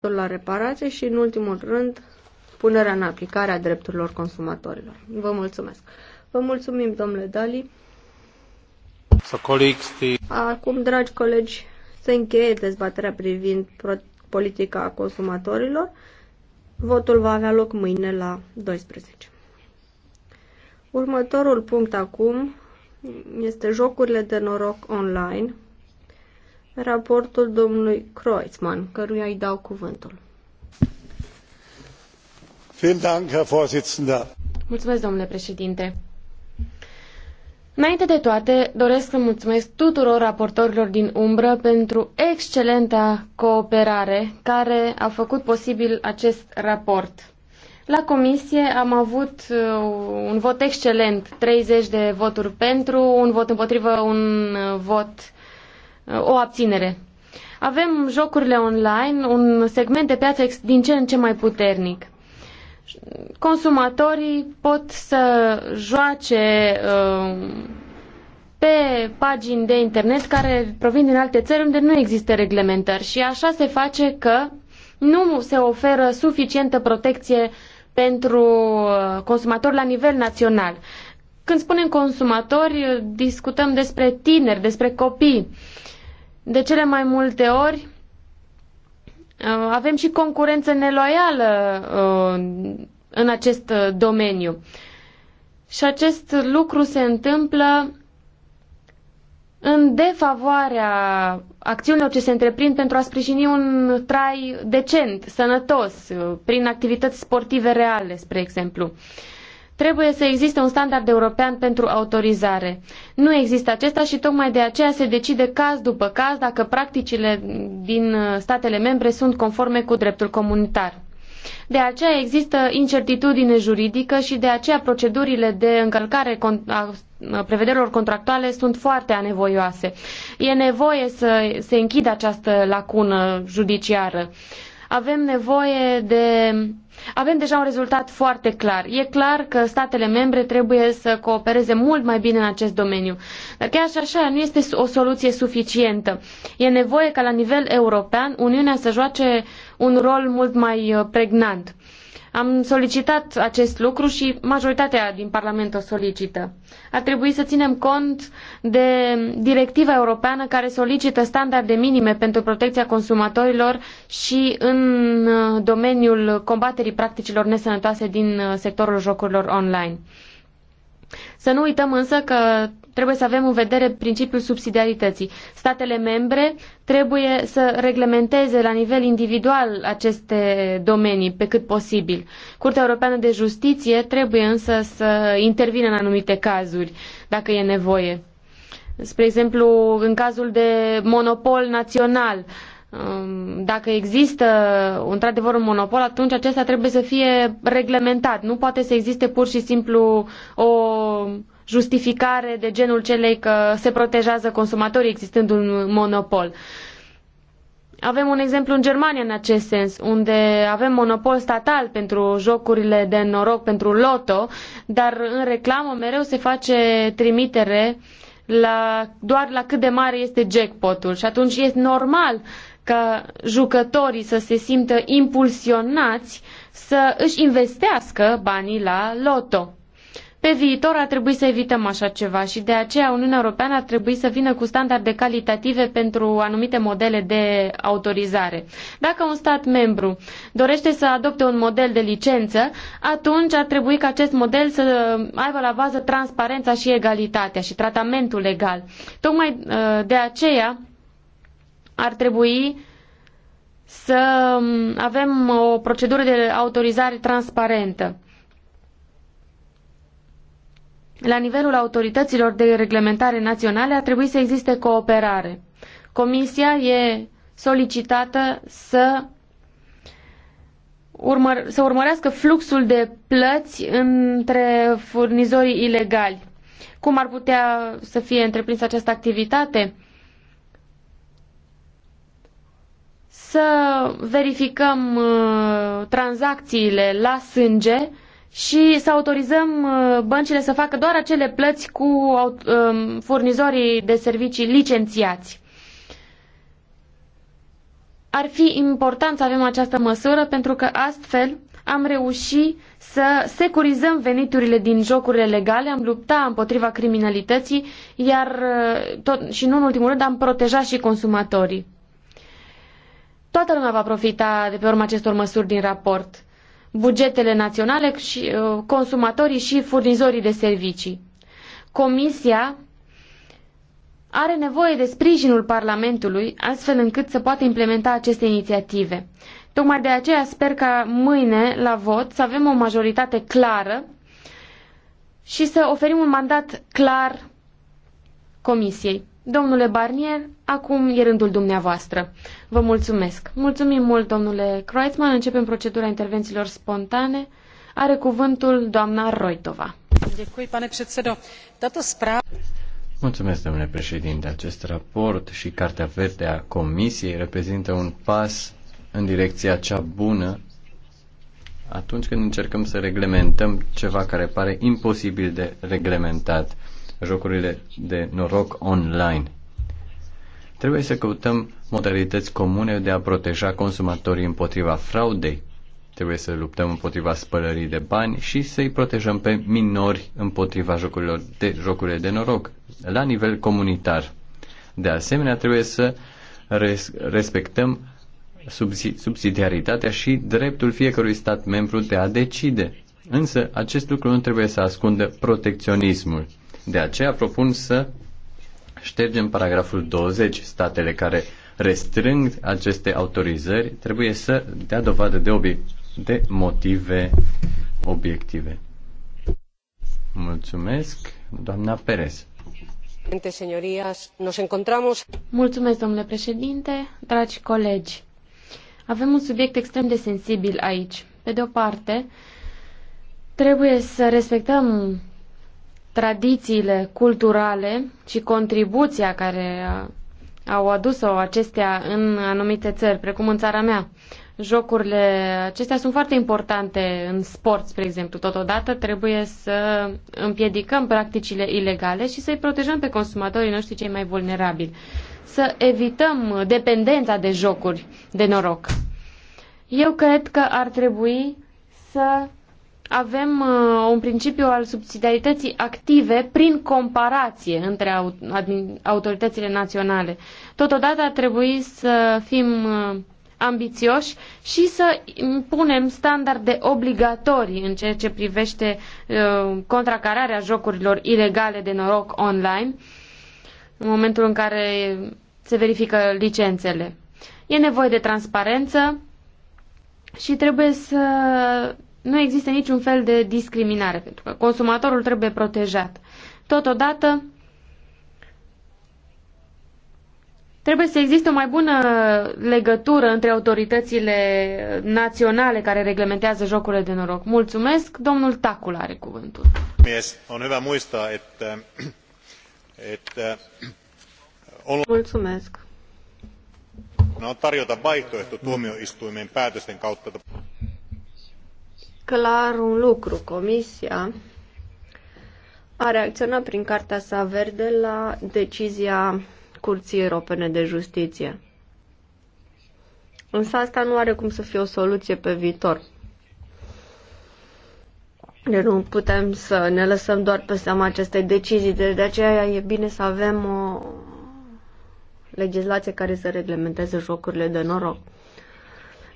la reparație și, în ultimul rând, punerea în aplicare a drepturilor consumatorilor. Vă mulțumesc. Vă mulțumim, domnule Dali. Acum, dragi colegi, se încheie dezbaterea privind politica consumatorilor. Votul va avea loc mâine la 12. Următorul punct acum este jocurile de noroc online raportul domnului Kreuzmann, căruia îi dau cuvântul. Mulțumesc, domnule președinte. Înainte de toate, doresc să mulțumesc tuturor raportorilor din umbră pentru excelenta cooperare care a făcut posibil acest raport. La comisie am avut uh, un vot excelent, 30 de voturi pentru, un vot împotrivă, un uh, vot o abținere. Avem jocurile online, un segment de piață din ce în ce mai puternic. Consumatorii pot să joace um, pe pagini de internet care provin din alte țări unde nu există reglementări și așa se face că nu se oferă suficientă protecție pentru uh, consumatori la nivel național. Când spunem consumatori, discutăm despre tineri, despre copii. De cele mai multe ori uh, avem și concurență neloială uh, în acest uh, domeniu. Și acest lucru se întâmplă în defavoarea acțiunilor ce se întreprind pentru a sprijini un trai decent, sănătos, prin activități sportive reale, spre exemplu. Uh, Trebuie să existe un standard european pentru autorizare. Nu există acesta și tocmai de aceea se decide caz după caz dacă practicile din statele membre sunt conforme cu dreptul comunitar. De aceea există incertitudine juridică și de aceea procedurile de încălcare a prevederilor contractuale sunt foarte anevoioase. E nevoie să se închidă această lacună judiciară. Uh, avem nevoie de. Avem deja un rezultat foarte clar. E clar că statele membre trebuie să coopereze mult mai bine în acest domeniu. Dar chiar și așa nu este o soluție suficientă. E nevoie ca la nivel european Uniunea să joace un rol mult mai uh, pregnant. Uh, am solicitat acest lucru și majoritatea din Parlament o solicită. Ar trebui să ținem cont de directiva europeană care solicită standarde minime pentru protecția consumatorilor și în uh, domeniul combaterii practicilor nesănătoase din uh, sectorul jocurilor online. Să nu uităm însă că trebuie să avem în vedere principiul subsidiarității. Statele membre trebuie să reglementeze la nivel individual aceste domenii pe cât posibil. Curtea Europeană de Justiție trebuie însă să intervină în anumite cazuri, dacă e nevoie. Spre exemplu, în cazul de monopol național, uh, Um, dacă există într-adevăr un monopol, atunci acesta trebuie să fie reglementat. Nu poate să existe pur și simplu o justificare de genul celei că se protejează consumatorii existând un monopol. Avem un exemplu în Germania în acest sens, unde avem monopol statal pentru jocurile de noroc, pentru loto, dar în reclamă mereu se face trimitere la, doar la cât de mare este jackpotul și atunci este normal uh, ca jucătorii să se simtă impulsionați să își investească banii la loto. Pe viitor ar trebui să evităm așa ceva și de aceea Uniunea Europeană ar trebui să vină cu standarde calitative pentru anumite modele de autorizare. Dacă un stat membru dorește să adopte un model de licență, atunci ar trebui ca acest model să aibă la bază transparența și egalitatea și tratamentul legal. Tocmai ă, de aceea ar trebui să avem o procedură de autorizare transparentă. La nivelul autorităților de reglementare naționale ar trebui să existe cooperare. Comisia e solicitată să, urmăr să urmărească fluxul de plăți între furnizorii ilegali. Cum ar putea să fie întreprinsă această activitate? să verificăm uh, tranzacțiile la sânge și să autorizăm uh, băncile să facă doar acele plăți cu um, furnizorii de servicii licențiați. Ar fi important să avem această măsură pentru că astfel am reușit să securizăm veniturile din jocurile legale, am luptat împotriva criminalității, iar uh, tot, și nu în ultimul rând am protejat și consumatorii. Toată lumea va profita de pe urma acestor măsuri din raport. Bugetele naționale, și, uh, consumatorii și furnizorii de servicii. Comisia are nevoie de sprijinul Parlamentului astfel încât să poată implementa aceste inițiative. Tocmai de aceea sper ca mâine la vot să avem o majoritate clară și să oferim un mandat clar Comisiei. Domnule Barnier, acum e rândul dumneavoastră. Vă mulțumesc. Mulțumim mult, domnule Kreutzmann. Începem procedura intervențiilor spontane. Are cuvântul doamna Roitova. Mulțumesc, domnule președinte. Acest raport și Cartea Verde a Comisiei reprezintă un pas în direcția cea bună atunci când încercăm să reglementăm ceva care pare imposibil de reglementat jocurile de noroc online. Trebuie să căutăm modalități comune de a proteja consumatorii împotriva fraudei. Trebuie să luptăm împotriva spălării de bani și să-i protejăm pe minori împotriva jocurilor de jocurile de noroc la nivel comunitar. De asemenea, trebuie să res- respectăm subsidiaritatea și dreptul fiecărui stat membru de a decide. Însă, acest lucru nu trebuie să ascundă protecționismul. De aceea propun să ștergem paragraful 20. Statele care restrâng aceste autorizări trebuie să dea dovadă de, obie- de motive obiective. Mulțumesc, doamna Perez. Mulțumesc, domnule președinte, dragi colegi. Avem un subiect extrem de sensibil aici. Pe de o parte, trebuie să respectăm tradițiile culturale și contribuția care au adus-o acestea în anumite țări, precum în țara mea. Jocurile acestea sunt foarte importante în sport, spre exemplu. Totodată trebuie să împiedicăm practicile ilegale și să-i protejăm pe consumatorii noștri cei mai vulnerabili. Să evităm dependența de jocuri de noroc. Eu cred că ar trebui să avem uh, un principiu al subsidiarității active prin comparație între autoritățile naționale. Totodată ar trebui să fim uh, ambițioși și să impunem standarde obligatorii în ceea ce privește uh, contracararea jocurilor ilegale de noroc online în momentul în care se verifică licențele. E nevoie de transparență și trebuie să nu există niciun fel de discriminare, pentru că consumatorul trebuie protejat. Totodată, trebuie să existe o mai bună legătură între autoritățile naționale care reglementează jocurile de noroc. Mulțumesc. Domnul Tacul are cuvântul. Mulțumesc. tarjota vaihtoehto päätösten kautta clar un lucru. Comisia a reacționat prin cartea sa verde la decizia Curții Europene de Justiție. Însă asta nu are cum să fie o soluție pe viitor. Deci nu putem să ne lăsăm doar pe seama acestei decizii, deci de aceea e bine să avem o legislație care să reglementeze jocurile de noroc.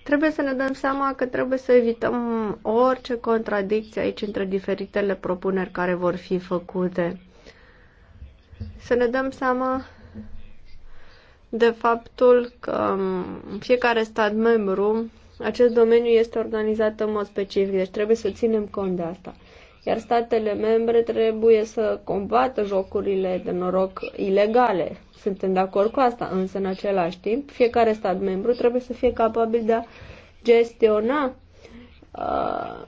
Trebuie să ne dăm seama că trebuie să evităm orice contradicție aici între diferitele propuneri care vor fi făcute. Să ne dăm seama de faptul că um, în fiecare stat membru acest domeniu este organizat în mod specific, deci trebuie să ținem cont de asta iar statele membre trebuie să combată jocurile de noroc ilegale. Suntem de acord cu asta, însă în același timp fiecare stat membru trebuie să fie capabil de a gestiona uh,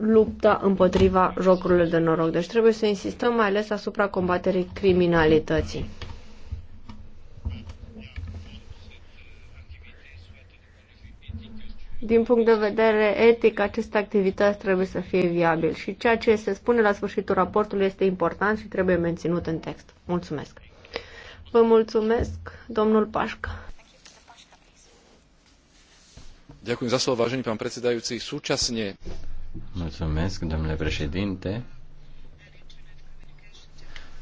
lupta împotriva jocurilor de noroc. Deci trebuie să insistăm mai ales asupra combaterii criminalității. din punct de vedere etic, aceste activități trebuie să fie viabil și ceea ce se spune la sfârșitul raportului este important și trebuie menținut în text. Mulțumesc! Vă mulțumesc, domnul Pașca. Ďakujem za slovo, vážený pán predsedajúci. Súčasne... Mulțumesc, domnule președinte.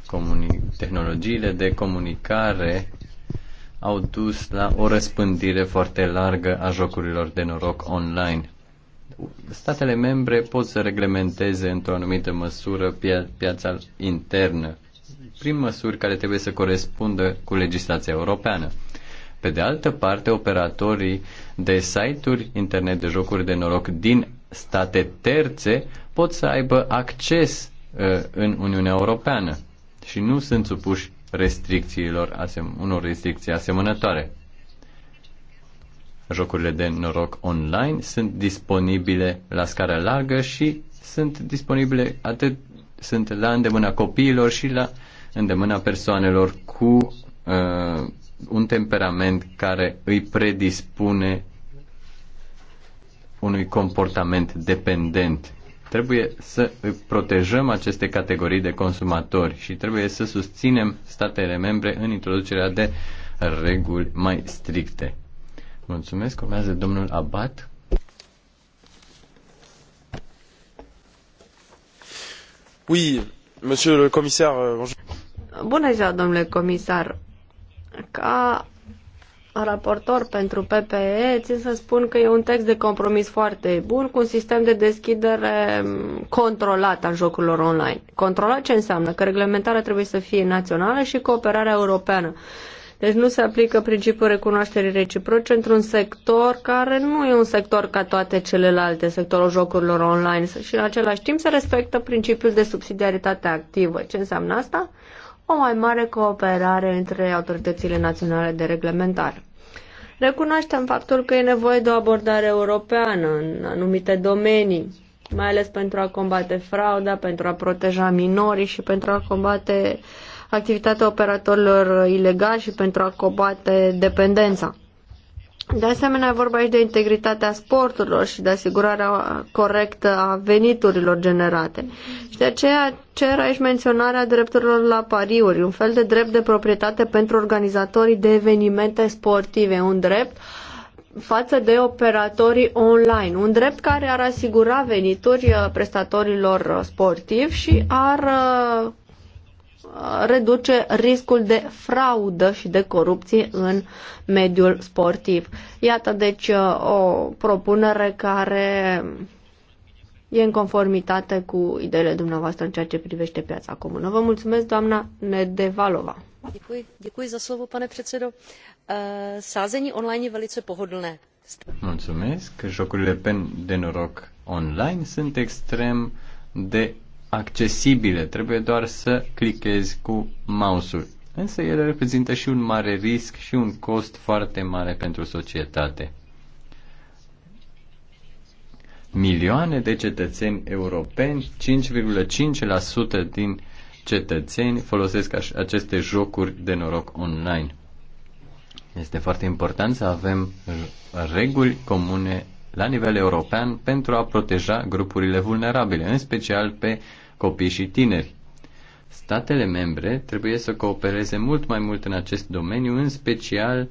Comuni- tehnologiile de comunicare au dus la o răspândire foarte largă a jocurilor de noroc online. Statele membre pot să reglementeze într-o anumită măsură pia- piața internă prin măsuri care trebuie să corespundă cu legislația europeană. Pe de altă parte, operatorii de site-uri internet de jocuri de noroc din state terțe pot să aibă acces uh, în Uniunea Europeană și nu sunt supuși restricțiilor, asem- unor restricții asemănătoare. Jocurile de noroc online sunt disponibile la scară largă și sunt disponibile atât sunt la îndemâna copiilor și la îndemâna persoanelor cu uh, un temperament care îi predispune unui comportament dependent Trebuie să protejăm aceste categorii de consumatori și trebuie să susținem statele membre în introducerea de reguli mai stricte. Mulțumesc. Urmează domnul Abat. Oui, monsieur le commissaire. Euh, bonjour. Bună ziua, domnule comisar. Ca raportor pentru PPE, țin să spun că e un text de compromis foarte bun, cu un sistem de deschidere mm, controlat al jocurilor online. Controlat ce înseamnă? Că reglementarea trebuie să fie națională și cooperarea europeană. Deci nu se aplică principiul recunoașterii reciproce într-un sector care nu e un sector ca toate celelalte, sectorul jocurilor online și în același timp se respectă principiul de subsidiaritate activă. Ce înseamnă asta? O mai mare cooperare între autoritățile naționale de reglementare. Recunoaștem faptul că e nevoie de o abordare europeană în anumite domenii, mai ales pentru a combate frauda, pentru a proteja minorii și pentru a combate activitatea operatorilor ilegali și pentru a combate dependența. De asemenea, vorba aici de integritatea sporturilor și de asigurarea corectă a veniturilor generate. Și de aceea cer aici menționarea drepturilor la pariuri, un fel de drept de proprietate pentru organizatorii de evenimente sportive, un drept față de operatorii online, un drept care ar asigura venituri uh, prestatorilor uh, sportivi și ar uh, reduce riscul de fraudă și de corupție în mediul sportiv. Iată deci uh, o propunere care e în conformitate cu ideile dumneavoastră în ceea ce privește piața comună. Vă mulțumesc, doamna Nedevalova. Děkuji, děkuji za slovo, pane předsedo. Eh, sázení online je velice pohodlné. Mulțumesc. Jocurile pen de noroc online sunt extrem de accesibile, trebuie doar să clichezi cu mouse-ul. Însă ele reprezintă și un mare risc și un cost foarte mare pentru societate. Milioane de cetățeni europeni, 5,5% din cetățeni folosesc aceste jocuri de noroc online. Este foarte important să avem reguli comune la nivel european pentru a proteja grupurile vulnerabile, în special pe copii și tineri. Statele membre trebuie să coopereze mult mai mult în acest domeniu, în special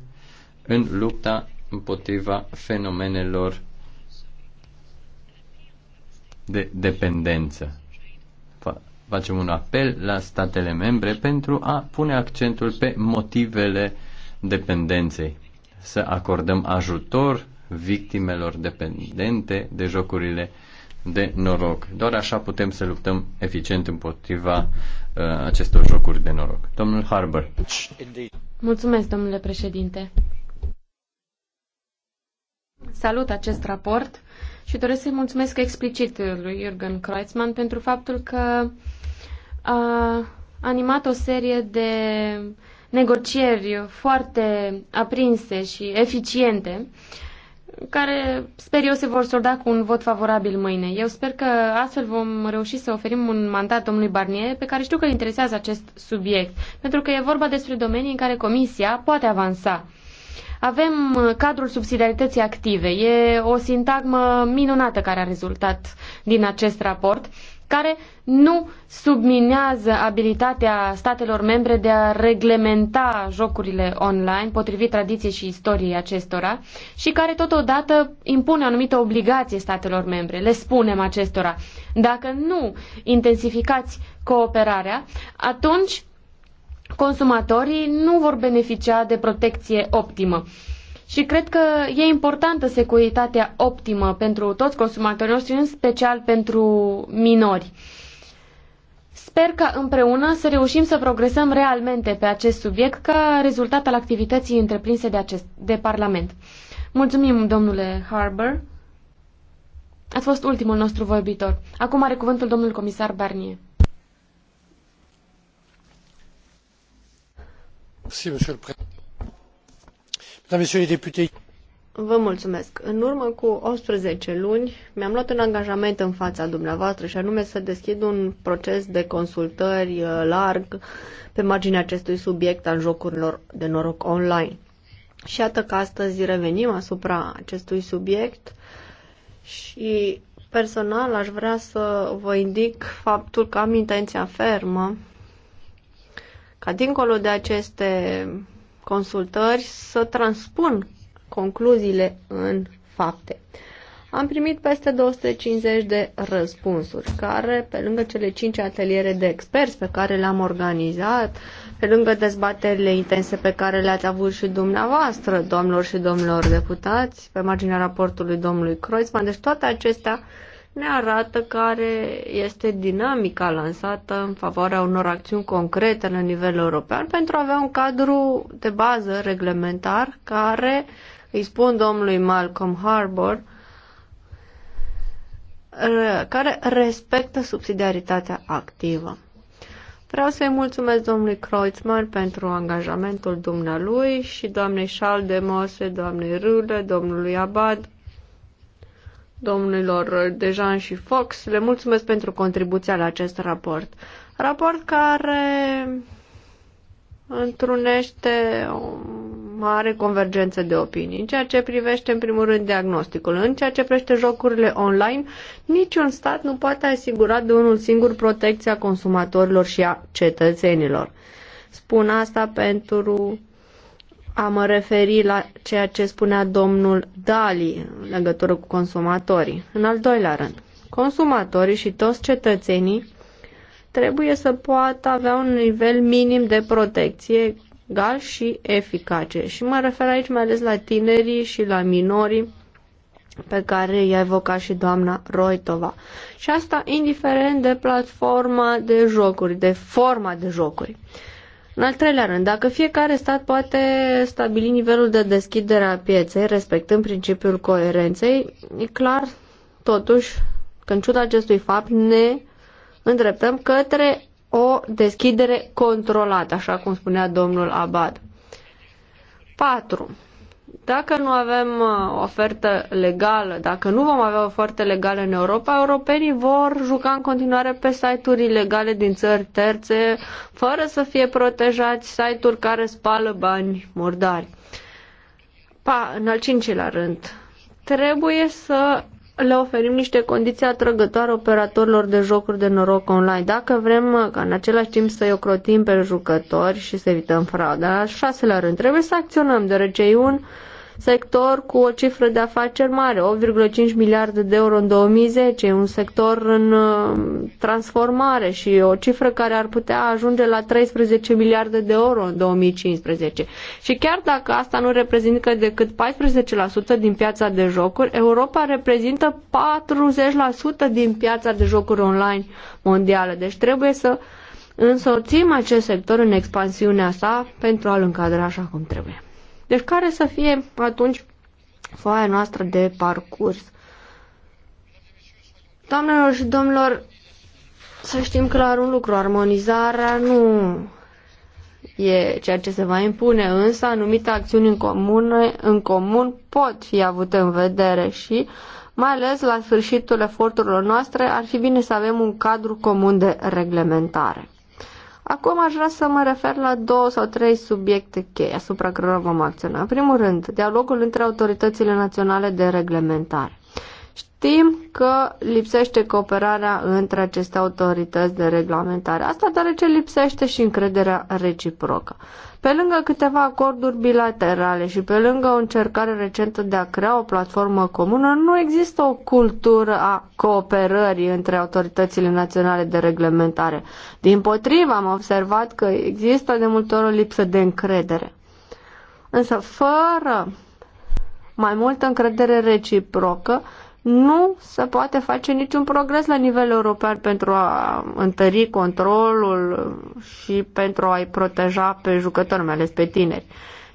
în lupta împotriva fenomenelor de dependență. Facem un apel la statele membre pentru a pune accentul pe motivele dependenței, să acordăm ajutor victimelor dependente de jocurile de noroc. Doar așa putem să luptăm eficient împotriva uh, acestor jocuri de noroc. Domnul Harbour. Mulțumesc, domnule președinte. Salut acest raport și doresc să-i mulțumesc explicit lui Jürgen Kreutzmann pentru faptul că a animat o serie de negocieri foarte aprinse și eficiente uh, care sper eu se vor solda cu un vot favorabil mâine. Eu sper că astfel vom reuși să oferim un mandat domnului Barnier pe care știu că interesează acest subiect, pentru că e vorba despre domenii în care Comisia poate avansa. Avem uh, cadrul subsidiarității active. E o sintagmă minunată care a rezultat din acest raport care nu subminează abilitatea statelor membre de a reglementa jocurile online potrivit tradiției și istoriei acestora și care totodată impune anumite obligații statelor membre. Le spunem acestora, dacă nu intensificați cooperarea, atunci consumatorii nu vor beneficia de protecție optimă. Și cred că e importantă securitatea optimă pentru toți consumatorii noștri, în special pentru minori. Sper ca împreună să reușim să progresăm realmente pe acest subiect ca rezultat al activității întreprinse de, acest, de Parlament. Mulțumim, domnule Harbour. Ați fost ultimul nostru vorbitor. Acum are cuvântul domnul comisar Barnier. Merci, Vă mulțumesc. În urmă cu 18 luni mi-am luat un angajament în fața dumneavoastră și anume să deschid un proces de consultări uh, larg pe marginea acestui subiect al jocurilor de noroc online. Și iată că astăzi revenim asupra acestui subiect și personal aș vrea să vă indic faptul că am intenția fermă ca dincolo de aceste consultări să transpun concluziile în fapte. Am primit peste 250 de răspunsuri, care, pe lângă cele 5 ateliere de experți pe care le-am organizat, pe lângă dezbaterile intense pe care le-ați avut și dumneavoastră, domnilor și domnilor deputați, pe marginea raportului domnului Kreuzmann, deci toate acestea uh, ne arată care este dinamica lansată în favoarea unor acțiuni concrete la nivel european pentru a avea un cadru de bază reglementar care, îi spun domnului Malcolm Harbour, care respectă subsidiaritatea activă. Vreau să-i mulțumesc domnului Kreutzmann pentru angajamentul dumnealui și doamnei Schaldemose, doamnei Râle, domnului Abad, domnilor Dejan și Fox. Le mulțumesc pentru contribuția la acest raport. Raport care întrunește o mare convergență de opinii. În ceea ce privește, în primul rând, diagnosticul, în ceea ce privește jocurile online, niciun stat nu poate asigura de unul singur protecția consumatorilor și a cetățenilor. Spun asta pentru a mă referi la ceea ce spunea domnul Dali în legătură cu consumatorii. În al doilea rând, consumatorii și toți cetățenii trebuie să poată avea un nivel minim de protecție egal și eficace. Și mă refer aici mai ales la tinerii și la minorii pe care i-a evocat și doamna Roitova. Și asta indiferent de platforma de jocuri, de forma de jocuri. Uh, în al treilea rând, dacă fiecare stat poate stabili nivelul de deschidere a pieței, respectând principiul coerenței, e clar, totuși, că în ciuda acestui fapt ne îndreptăm către o deschidere controlată, așa cum spunea domnul Abad. 4. Dacă nu avem uh, o ofertă legală, dacă nu vom avea o ofertă legală în Europa, europenii vor juca în continuare pe site-uri ilegale din țări terțe, fără să fie protejați, site-uri care spală bani murdari. Pa, în al cincilea rând, trebuie să le oferim niște condiții atrăgătoare operatorilor de jocuri de noroc online. Dacă vrem ca în același timp să-i ocrotim pe jucători și să evităm frauda, la șaselea rând, trebuie să acționăm, deoarece e un uh, sector cu o cifră de afaceri mare, 8,5 miliarde de euro în 2010, un sector în uh, transformare și o cifră care ar putea ajunge la 13 miliarde de euro în 2015. Și chiar dacă asta nu reprezintă decât 14% din piața de jocuri, Europa reprezintă 40% din piața de jocuri online mondială. Deci trebuie să însoțim acest sector în expansiunea sa pentru a-l încadra așa cum trebuie. Deci care să fie atunci foaia noastră de parcurs? Doamnelor și domnilor, să știm clar un lucru, armonizarea nu e ceea ce se va impune, însă anumite acțiuni în comun, în comun pot fi avute în vedere și, mai ales la sfârșitul eforturilor noastre, ar fi bine să avem un cadru comun de reglementare. Acum aș vrea să mă refer la două sau trei subiecte cheie asupra cărora vom acționa. În primul rând, dialogul între autoritățile naționale de reglementare. Știm că lipsește cooperarea între aceste autorități de reglementare. Asta deoarece lipsește și încrederea reciprocă. Pe lângă câteva acorduri bilaterale și pe lângă o încercare recentă de a crea o platformă comună, nu există o cultură a cooperării între autoritățile naționale de reglementare. Din potrivă, am observat că există de multe ori o lipsă de încredere. Însă, fără mai multă încredere reciprocă, nu se poate face niciun progres la nivel european pentru a întări controlul și pentru a-i proteja pe jucători, mai ales pe tineri.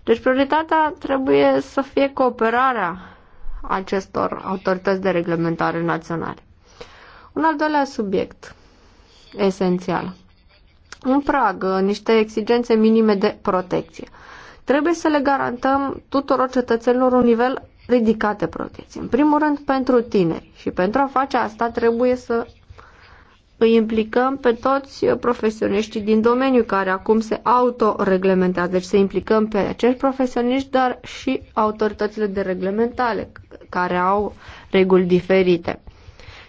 Deci prioritatea trebuie să fie cooperarea acestor autorități de reglementare naționale. Un al doilea subiect esențial. În prag, niște exigențe minime de protecție. Trebuie să le garantăm tuturor cetățenilor un nivel ridicate protecții. În primul rând pentru tine și pentru a face asta trebuie să îi implicăm pe toți profesioniștii din domeniu care acum se autoreglementează. Deci să implicăm pe acești profesioniști, dar și autoritățile de reglementare care au reguli diferite.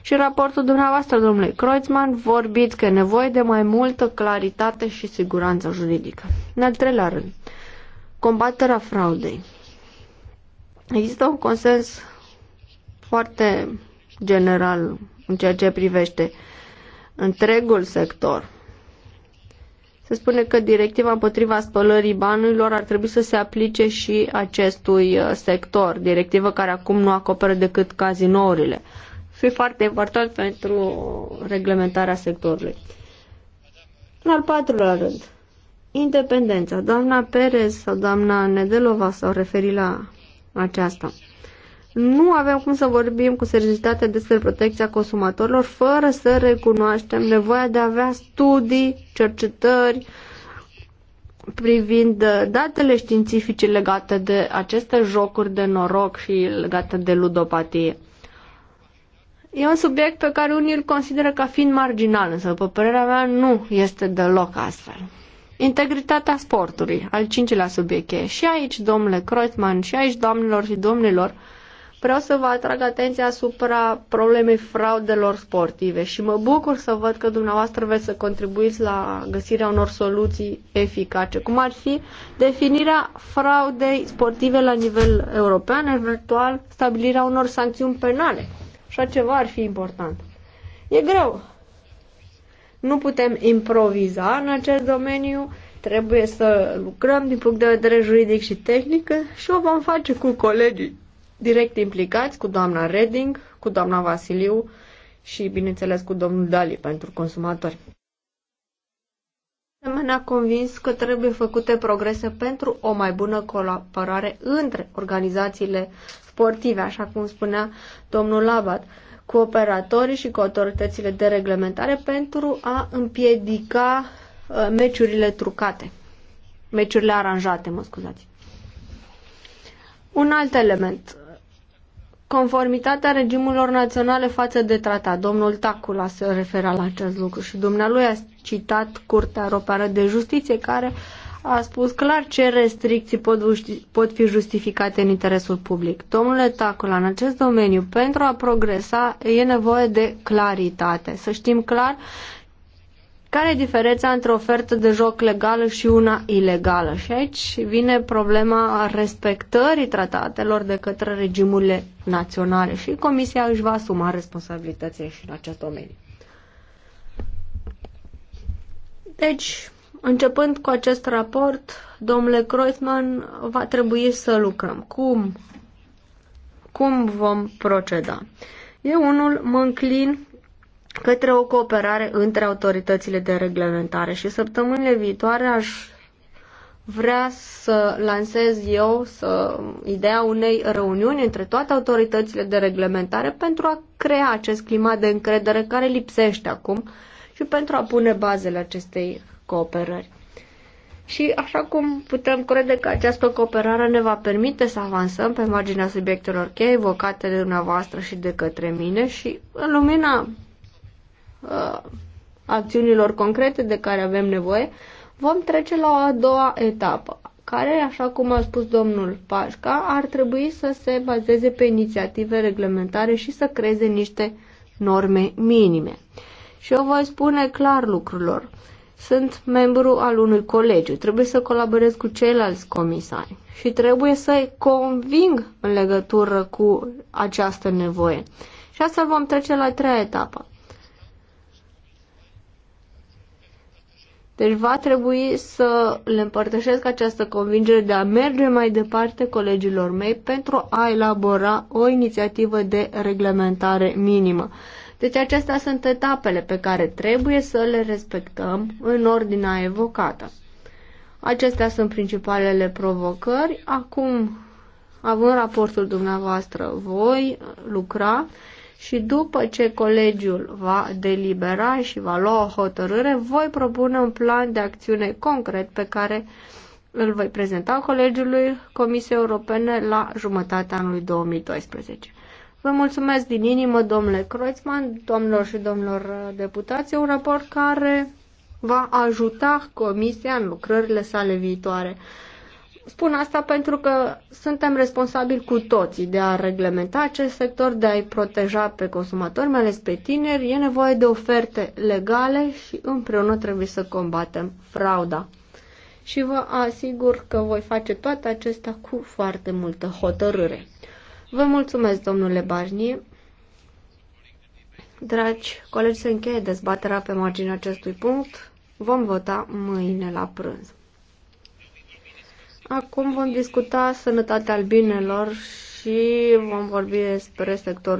Și raportul dumneavoastră, domnule Kreuzmann, vorbiți că e nevoie de mai multă claritate și siguranță juridică. În al treilea rând, combaterea fraudei. Există un consens foarte general în ceea ce privește întregul sector. Se spune că directiva împotriva spălării banilor ar trebui să se aplice și acestui uh, sector, directivă care acum nu acoperă decât cazinourile. Fi foarte important pentru reglementarea sectorului. În al patrulea rând, independența. Doamna Perez sau doamna Nedelova s-au referit la aceasta. Nu avem cum să vorbim cu seriozitate despre protecția consumatorilor fără să recunoaștem nevoia de a avea studii, cercetări privind uh, datele științifice legate de aceste jocuri de noroc și legate de ludopatie. E un subiect pe care unii îl consideră ca fiind marginal, însă, după părerea mea, nu este deloc astfel. Integritatea sportului, al cincilea subiect Și aici, domnule Kreutzmann, și aici, doamnelor și domnilor, vreau să vă atrag atenția asupra problemei fraudelor sportive și mă bucur să văd că dumneavoastră veți să contribuiți la găsirea unor soluții eficace, cum ar fi definirea fraudei sportive la nivel european, eventual stabilirea unor sancțiuni penale. Așa ceva ar fi important. E greu nu putem improviza în acest domeniu, trebuie să lucrăm din punct de vedere juridic și tehnic și o vom face cu colegii direct implicați, cu doamna Reding, cu doamna Vasiliu și, bineînțeles, cu domnul Dali pentru consumatori. Asemenea, convins că trebuie făcute progrese pentru o mai bună colaborare între organizațiile sportive, așa cum spunea domnul Labat cu operatorii și cu autoritățile de reglementare pentru a împiedica uh, meciurile trucate, meciurile aranjate, mă scuzați. Un alt element, conformitatea regimurilor naționale față de tratat. Domnul Tacula se refera la acest lucru și dumnealui a citat Curtea Europeană de Justiție care uh, a spus clar ce restricții pot, pot fi justificate în interesul public. Domnule Tacula, în acest domeniu, pentru a progresa, e nevoie de claritate. Să știm clar care e diferența între ofertă de joc legală și una ilegală. Și aici vine problema respectării tratatelor de către regimurile naționale și Comisia își va asuma responsabilitățile și în acest domeniu. Deci, Începând cu acest raport, domnule Kreuzmann, va trebui să lucrăm. Cum? Cum vom proceda? Eu unul mă înclin către o cooperare între autoritățile de reglementare și săptămânile viitoare aș vrea să lansez eu să, ideea unei reuniuni între toate autoritățile de reglementare pentru a crea acest climat de încredere care lipsește acum și pentru a pune bazele acestei cooperări. Și așa cum putem crede că această cooperare ne va permite să avansăm pe marginea subiectelor cheie evocate de dumneavoastră și de către mine și în lumina uh, acțiunilor concrete de care avem nevoie, vom trece la o a doua etapă, care, așa cum a spus domnul Pașca, ar trebui să se bazeze pe inițiative reglementare și să creeze niște norme minime. Și eu voi spune clar lucrurilor sunt membru al unui colegiu, trebuie să colaborez cu ceilalți comisari și trebuie să-i conving în legătură cu această nevoie. Și asta vom trece la treia etapă. Deci va trebui să le împărtășesc această convingere de a merge mai departe colegilor mei pentru a elabora o inițiativă de reglementare minimă. Deci acestea sunt etapele pe care trebuie să le respectăm în ordinea evocată. Acestea sunt principalele provocări. Acum, având raportul dumneavoastră, voi lucra și după ce colegiul va delibera și va lua o hotărâre, voi propune un plan de acțiune concret pe care îl voi prezenta colegiului Comisiei Europene la jumătatea anului 2012. Vă mulțumesc din inimă, domnule Kreuzmann, domnilor și domnilor deputați, un raport care va ajuta Comisia în lucrările sale viitoare. Spun asta pentru că suntem responsabili cu toții de a reglementa acest sector, de a-i proteja pe consumatori, mai ales pe tineri. E nevoie de oferte legale și împreună trebuie să combatem frauda. Și vă asigur că voi face toate acestea cu foarte multă hotărâre. Vă mulțumesc, domnule Barnier. Dragi colegi, se încheie dezbaterea pe marginea acestui punct. Vom vota mâine la prânz. Acum vom discuta sănătatea albinelor și vom vorbi despre sectorul